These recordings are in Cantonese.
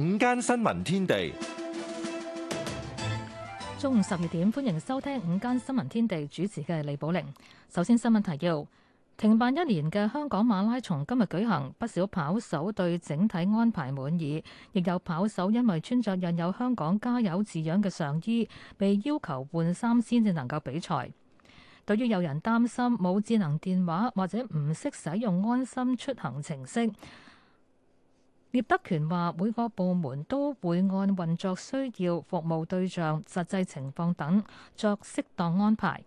午間新聞天地，中午十二點，歡迎收聽午間新聞天地，主持嘅李寶玲。首先，新聞提要：停辦一年嘅香港馬拉松今日舉行，不少跑手對整體安排滿意，亦有跑手因為穿着印有香港加油字樣嘅上衣，被要求換衫先至能夠比賽。對於有人擔心冇智能電話或者唔識使用安心出行程式，聶德權話：每個部門都會按運作需要、服務對象、實際情況等作適當安排。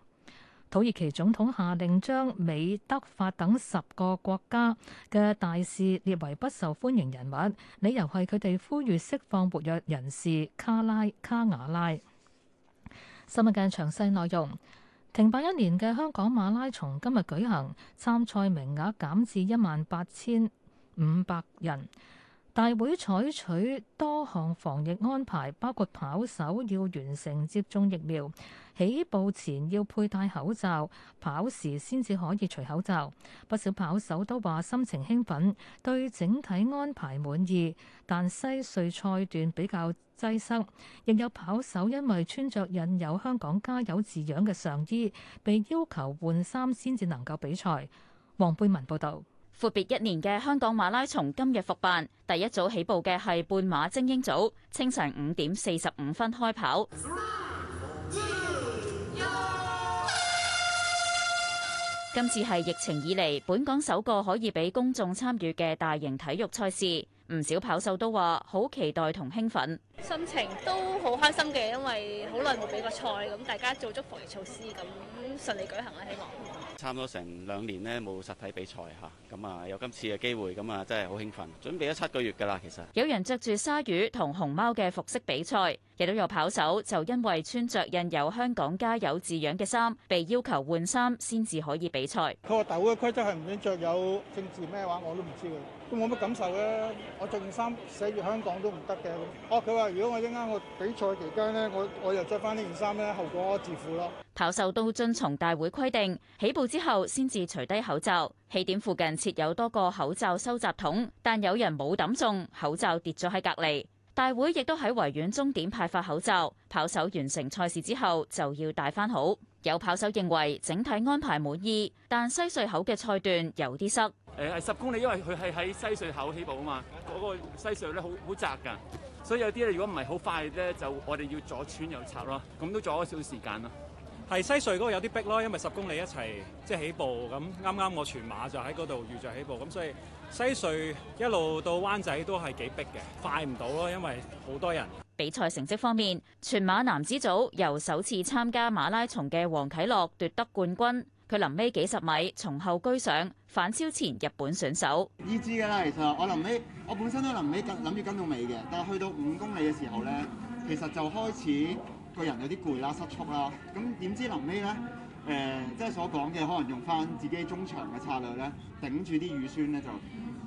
土耳其總統下令將美、德、法等十個國家嘅大使列為不受歡迎人物，理由係佢哋呼籲釋放活躍人士卡拉卡瓦拉。新聞嘅詳細內容：停辦一年嘅香港馬拉松今日舉行，參賽名額減至一萬八千五百人。大會採取多項防疫安排，包括跑手要完成接種疫苗、起步前要佩戴口罩、跑時先至可以除口罩。不少跑手都話心情興奮，對整體安排滿意，但西隧賽段比較擠塞。亦有跑手因為穿着印有香港加油字樣嘅上衣，被要求換衫先至能夠比賽。黃貝文報導。闊別一年嘅香港馬拉松今日復辦，第一組起步嘅係半馬精英組，清晨五點四十五分開跑。今次係疫情以嚟本港首個可以俾公眾參與嘅大型體育賽事，唔少跑手都話好期待同興奮，心情都好開心嘅，因為好耐冇比過賽，咁大家做足防疫措施，咁順利舉行啦，希望。差唔多成兩年咧冇實體比賽嚇，咁啊有今次嘅機會，咁啊真係好興奮，準備咗七個月㗎啦，其實。有人着住鯊魚同熊貓嘅服飾比賽。亦都有跑手就因為穿着印有香港加油字樣嘅衫，被要求換衫先至可以比賽。佢話大會嘅規則係唔準着有政治咩話，我都唔知嘅，都冇乜感受嘅。我着件衫寫住香港都唔得嘅。哦、啊，佢話如果我依家我比賽期間呢，我我又着翻呢件衫咧，後果自負咯。跑手都遵從大會規定，起步之後先至除低口罩。起點附近設有多個口罩收集桶，但有人冇抌中，口罩跌咗喺隔離。大會亦都喺維園終點派發口罩，跑手完成賽事之後就要戴翻好。有跑手認為整體安排滿意，但西隧口嘅賽段有啲塞。誒、呃、係十公里，因為佢係喺西隧口起步啊嘛，嗰、那個西隧咧好好窄噶，所以有啲你如果唔係好快咧，就我哋要左穿右插咯，咁都阻咗少少時間咯。係西隧嗰個有啲逼咯，因為十公里一齊即係起步，咁啱啱我全馬就喺嗰度預着起步，咁所以。西隧一路到灣仔都係幾逼嘅，快唔到咯，因為好多人。比賽成績方面，全馬男子組由首次參加馬拉松嘅黃啟樂奪得冠軍。佢臨尾幾十米從後居上，反超前日本選手。呢支㗎啦，其實我臨尾我本身都臨尾諗諗住跟到尾嘅，但係去到五公里嘅時候咧，其實就開始個人有啲攰啦、失速啦。咁點知臨尾咧，誒、呃，即係所講嘅，可能用翻自己中場嘅策略咧，頂住啲乳酸咧，就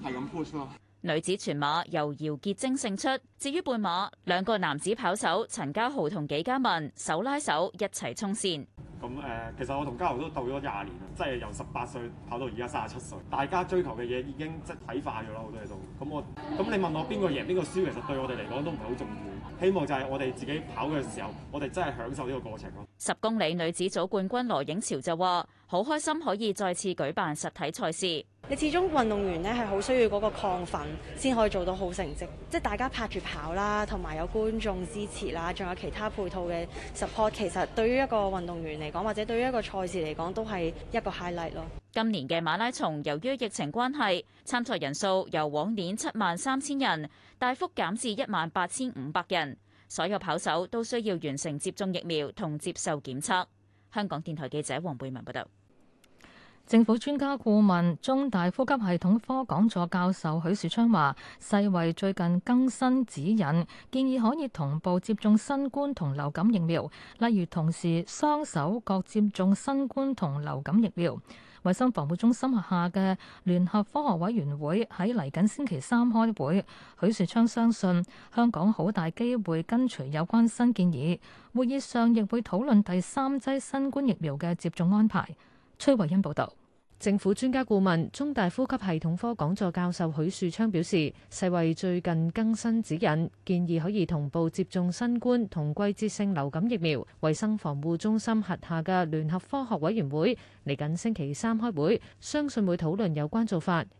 係咁 push 咯。女子全馬由姚潔晶勝出，至於半馬，兩個男子跑手陳家豪同紀嘉文手拉手一齊衝線。咁誒、呃，其實我同家豪都鬥咗廿年啦，即係由十八歲跑到而家三十七歲。大家追求嘅嘢已經即係睇化咗啦，好多嘢都。咁我，咁你問我邊個贏邊個輸，其實對我哋嚟講都唔係好重要。希望就係我哋自己跑嘅時候，我哋真係享受呢個過程咯。十公里女子組冠軍羅影潮就話：好開心可以再次舉辦實體賽事。你始終運動員呢係好需要嗰個亢奮，先可以做到好成績。即係大家拍住跑啦，同埋有，有觀眾支持啦，仲有其他配套嘅 support，其實對於一個運動員嚟講，或者對於一個賽事嚟講，都係一個 highlight 咯。今年嘅馬拉松，由於疫情關係，參賽人數由往年七萬三千人大幅減至一萬八千五百人。所有跑手都需要完成接種疫苗同接受檢測。香港電台記者黃貝文報道。政府專家顧問、中大呼吸系統科講座教授許樹昌話世衛最近更新指引，建議可以同步接種新冠同流感疫苗，例如同時雙手各接種新冠同流感疫苗。衛生防護中心下嘅聯合科學委員會喺嚟緊星期三開會，許樹昌相信香港好大機會跟隨有關新建議。會議上亦會討論第三劑新冠疫苗嘅接種安排。崔慧欣報道。政府專家顧問、中大呼吸系統科講座教授許樹昌表示，世衛最近更新指引，建議可以同步接種新冠同季節性流感疫苗。衞生防護中心轄下嘅聯合科學委員會嚟緊星期三開會，相信會討論有關做法。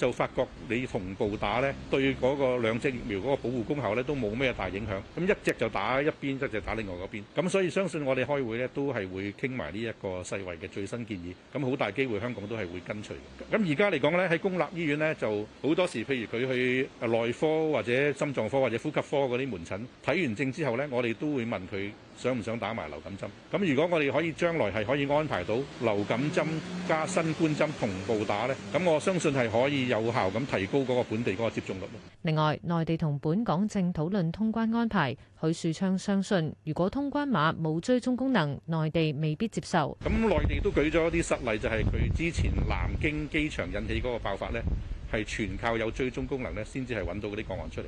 就發覺你同步打呢，對嗰個兩隻疫苗嗰個保護功效呢都冇咩大影響。咁一隻就打一邊，一隻就打另外嗰邊。咁所以相信我哋開會呢都係會傾埋呢一個世衞嘅最新建議。咁好大機會香港都係會跟隨。咁而家嚟講呢，喺公立醫院呢就好多時，譬如佢去內科或者心臟科或者呼吸科嗰啲門診睇完症之後呢，我哋都會問佢。想唔想打埋流感針？咁如果我哋可以將來係可以安排到流感針加新冠針同步打咧，咁我相信係可以有效咁提高嗰個本地嗰個接種率。另外，內地同本港正討論通關安排。許樹昌相信，如果通關碼冇追蹤功能，內地未必接受。咁內地都舉咗一啲實例，就係佢之前南京機場引起嗰個爆發咧，係全靠有追蹤功能咧，先至係揾到嗰啲個案出嚟。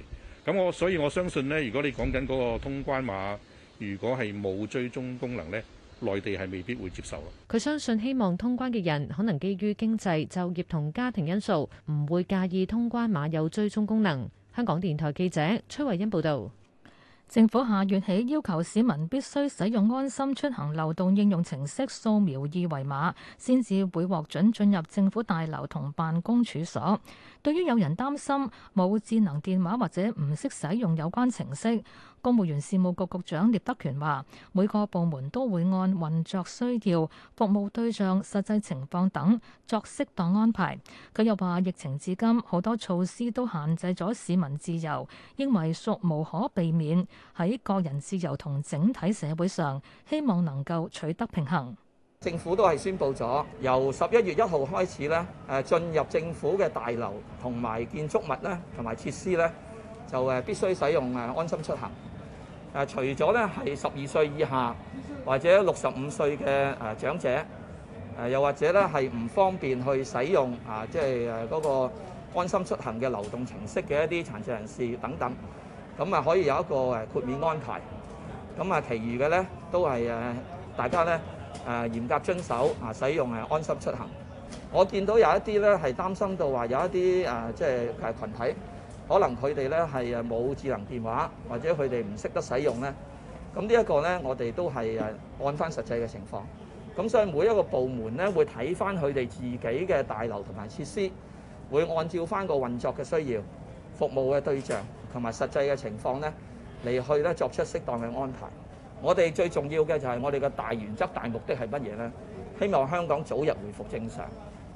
咁我所以我相信咧，如果你講緊嗰個通關碼。如果係冇追蹤功能呢，內地係未必會接受。佢相信希望通關嘅人可能基於經濟、就業同家庭因素，唔會介意通關碼有追蹤功能。香港電台記者崔慧欣報道。政府下月起要求市民必須使用安心出行流動應用程式掃描二維碼，先至會獲准進入政府大樓同辦公處所。對於有人擔心冇智能電話或者唔識使用有關程式，公務員事務局局長聶德權話：每個部門都會按運作需要、服務對象、實際情況等作適當安排。佢又話：疫情至今，好多措施都限制咗市民自由，因為屬無可避免。喺個人自由同整體社會上，希望能夠取得平衡。政府都係宣佈咗，由十一月一號開始呢，誒，進入政府嘅大樓同埋建築物呢，同埋設施呢，就誒必須使用誒安心出行。誒除咗咧係十二歲以下或者六十五歲嘅誒長者，誒又或者咧係唔方便去使用啊，即係誒嗰個安心出行嘅流動程式嘅一啲殘疾人士等等，咁啊可以有一個誒豁免安排。咁啊，其餘嘅咧都係誒大家咧誒嚴格遵守啊，使用誒安心出行。我見到有一啲咧係擔心到話有一啲誒即係誒羣體。可能佢哋咧係誒冇智能電話，或者佢哋唔識得使用咧。咁呢一個咧，我哋都係誒按翻實際嘅情況。咁所以每一個部門咧，會睇翻佢哋自己嘅大樓同埋設施，會按照翻個運作嘅需要、服務嘅對象同埋實際嘅情況咧，嚟去咧作出適當嘅安排。我哋最重要嘅就係我哋嘅大原則、大目的係乜嘢咧？希望香港早日回復正常，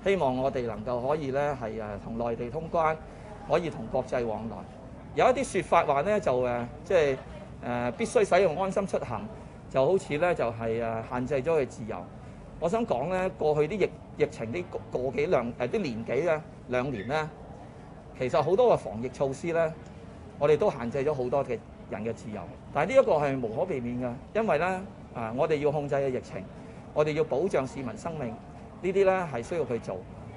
希望我哋能夠可以咧係誒同內地通關。可以同國際往來，有一啲説法話咧，就誒即係誒必須使用安心出行，就好似咧就係、是、誒限制咗佢自由。我想講咧，過去啲疫疫情啲個幾兩誒啲、呃、年幾嘅兩年咧，其實好多個防疫措施咧，我哋都限制咗好多嘅人嘅自由。但係呢一個係無可避免嘅，因為咧啊、呃，我哋要控制嘅疫情，我哋要保障市民生命，呢啲咧係需要去做，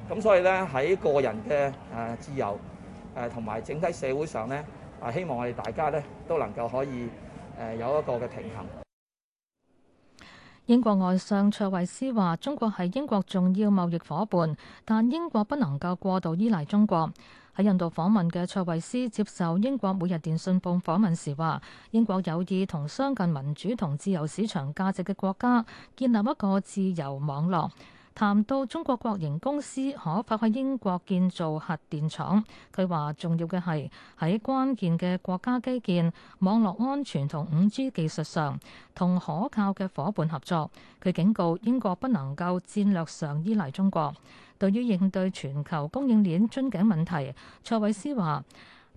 咁，所以咧喺個人嘅誒、呃、自由。誒同埋整體社會上咧，啊希望我哋大家咧都能夠可以誒有一個嘅平衡。英國外相卓慧思話：中國係英國重要貿易伙伴，但英國不能夠過度依賴中國。喺印度訪問嘅卓慧思接受英國每日電訊報訪問時話：英國有意同相近民主同自由市場價值嘅國家建立一個自由網絡。談到中國國營公司可否喺英國建造核電廠，佢話重要嘅係喺關鍵嘅國家基建、網絡安全同 5G 技術上同可靠嘅夥伴合作。佢警告英國不能夠戰略上依賴中國。對於應對全球供應鏈樽頸問題，蔡偉斯話，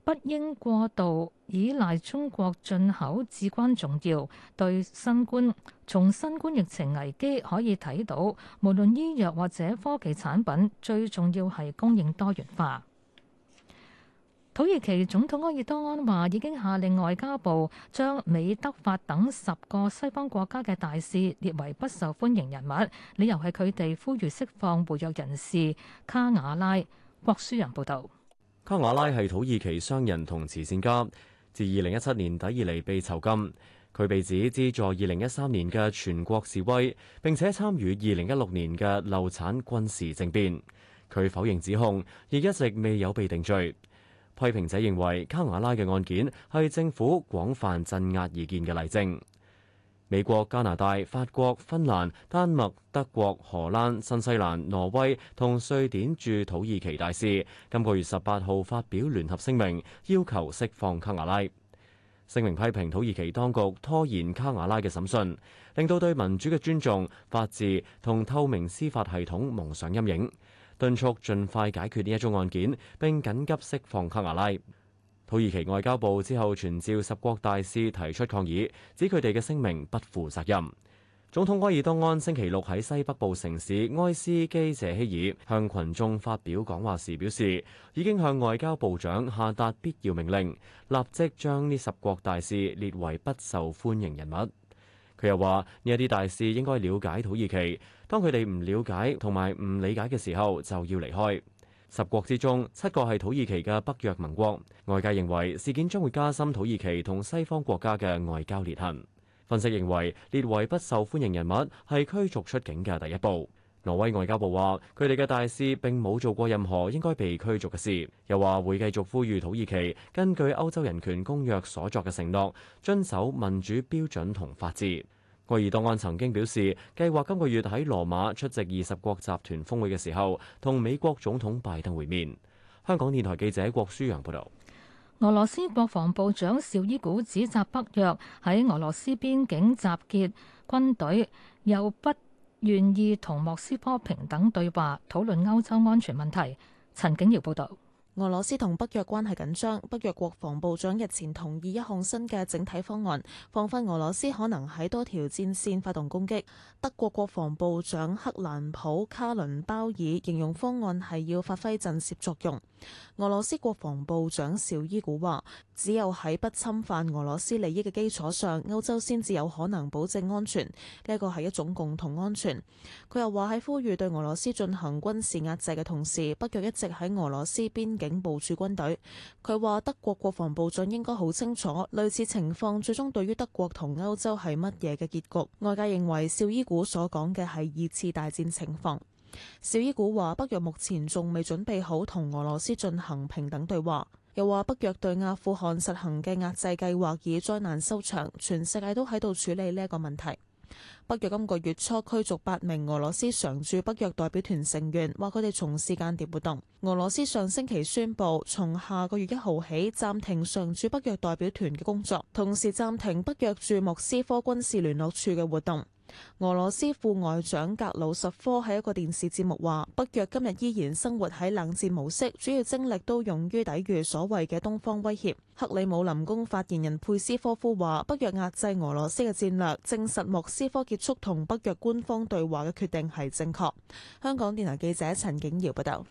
不應過度依賴中國進口至關重要。對新冠，從新冠疫情危機可以睇到，無論醫藥或者科技產品，最重要係供應多元化。土耳其總統埃爾多安話已經下令外交部將美、德、法等十個西方國家嘅大使列為不受歡迎人物，理由係佢哋呼籲釋放活躍人士卡瓦拉。郭舒人報導。卡瓦拉係土耳其商人同慈善家，自二零一七年底以嚟被囚禁。佢被指資助二零一三年嘅全國示威，並且參與二零一六年嘅流產軍事政變。佢否認指控，亦一直未有被定罪。批評者認為卡瓦拉嘅案件係政府廣泛鎮壓異見嘅例證。美國、加拿大、法國、芬蘭、丹麥、德國、荷蘭、新西蘭、挪威同瑞典駐土耳其大使今個月十八號發表聯合聲明，要求釋放卡瓦拉。聲明批評土耳其當局拖延卡瓦拉嘅審訊，令到對民主嘅尊重、法治同透明司法系統蒙上陰影，敦促盡快解決呢一宗案件，並緊急釋放卡瓦拉。土耳其外交部之後傳召十國大使提出抗議，指佢哋嘅聲明不負責任。總統埃爾多安星期六喺西北部城市埃斯基謝希爾向群眾發表講話時表示，已經向外交部長下達必要命令，立即將呢十國大使列為不受歡迎人物。佢又話：呢一啲大使應該了解土耳其，當佢哋唔了解同埋唔理解嘅時候，就要離開。十國之中，七個係土耳其嘅北約盟國。外界認為事件將會加深土耳其同西方國家嘅外交裂痕。分析認為，列為不受歡迎人物係驅逐出境嘅第一步。挪威外交部話，佢哋嘅大使並冇做過任何應該被驅逐嘅事，又話會繼續呼籲土耳其根據歐洲人權公約所作嘅承諾，遵守民主標準同法治。埃爾多安曾經表示，計劃今個月喺羅馬出席二十國集團峰會嘅時候，同美國總統拜登會面。香港電台記者郭舒揚報導。俄羅斯國防部長邵伊古指責北約喺俄羅斯邊境集結軍隊，又不願意同莫斯科平等對話，討論歐洲安全問題。陳景堯報道。俄羅斯同北約關係緊張，北約國防部長日前同意一項新嘅整體方案，防範俄羅斯可能喺多條戰線發動攻擊。德國國防部長克蘭普卡倫鮑爾形容方案係要發揮震懾作用。俄羅斯國防部長紹伊古話：只有喺不侵犯俄羅斯利益嘅基礎上，歐洲先至有可能保證安全。呢一個係一種共同安全。佢又話喺呼籲對俄羅斯進行軍事壓制嘅同時，北約一直喺俄羅斯邊境部署軍隊。佢話德國國防部長應該好清楚類似情況最終對於德國同歐洲係乜嘢嘅結局。外界認為紹伊古所講嘅係二次大戰情況。小伊古話：北約目前仲未準備好同俄羅斯進行平等對話，又話北約對阿富汗實行嘅壓制計劃以災難收場，全世界都喺度處理呢一個問題。北約今個月初驅逐八名俄羅斯常駐北約代表團成員，話佢哋從事間諜活動。俄羅斯上星期宣布，從下個月一號起暫停常駐北約代表團嘅工作，同時暫停北約駐莫斯科軍事聯絡處嘅活動。俄羅斯副外長格魯什科喺一個電視節目話：北約今日依然生活喺冷戰模式，主要精力都用於抵禦所謂嘅東方威脅。克里姆林宮發言人佩斯科夫話：北約壓制俄羅斯嘅戰略，證實莫斯科結束同北約官方對話嘅決定係正確。香港電台記者陳景堯報道。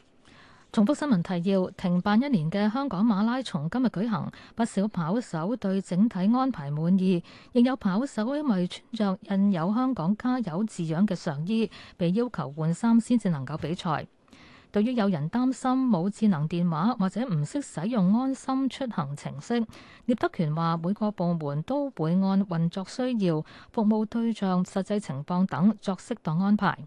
重複新聞提要：停辦一年嘅香港馬拉松今日舉行，不少跑手對整體安排滿意。亦有跑手因為穿着印有香港加油字樣嘅上衣，被要求換衫先至能夠比賽。對於有人擔心冇智能電話或者唔識使用安心出行程式，聶德權話每個部門都會按運作需要、服務對象、實際情況等作適當安排。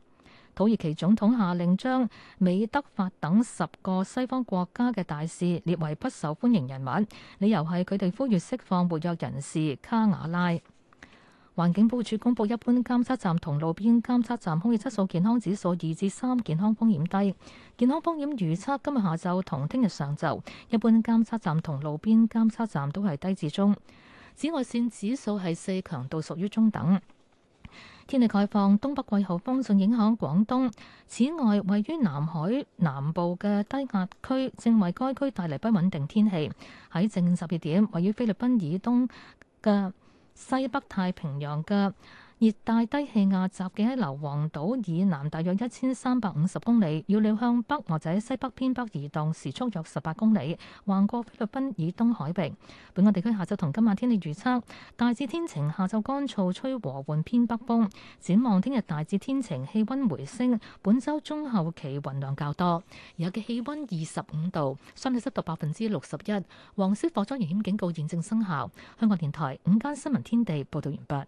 土耳其總統下令將美、德、法等十個西方國家嘅大使列為不受歡迎人物，理由係佢哋呼籲釋放活躍人士卡瓦拉。環境部署公佈，一般監測站同路邊監測站空氣質素健康指數二至三，健康風險低。健康風險預測今日下晝同聽日上晝，一般監測站同路邊監測站都係低至中。紫外線指數係四，強度屬於中等。天氣概況，東北季候風正影響廣東。此外，位於南海南部嘅低壓區正為該區帶嚟不穩定天氣。喺正十二點，位於菲律賓以東嘅西北太平洋嘅。熱帶低氣壓集結喺硫黃島以南，大約一千三百五十公里，要了向北或者西北偏北移動，時速約十八公里，橫過菲律賓以東海域。本港地區下晝同今晚天氣預測，大致天晴，下晝乾燥，吹和緩偏北風。展望聽日大致天晴，氣温回升。本周中後期雲量較多，日嘅氣温二十五度，相對濕度百分之六十一。黃色火災危險警告現正生效。香港電台午間新聞天地報導完畢。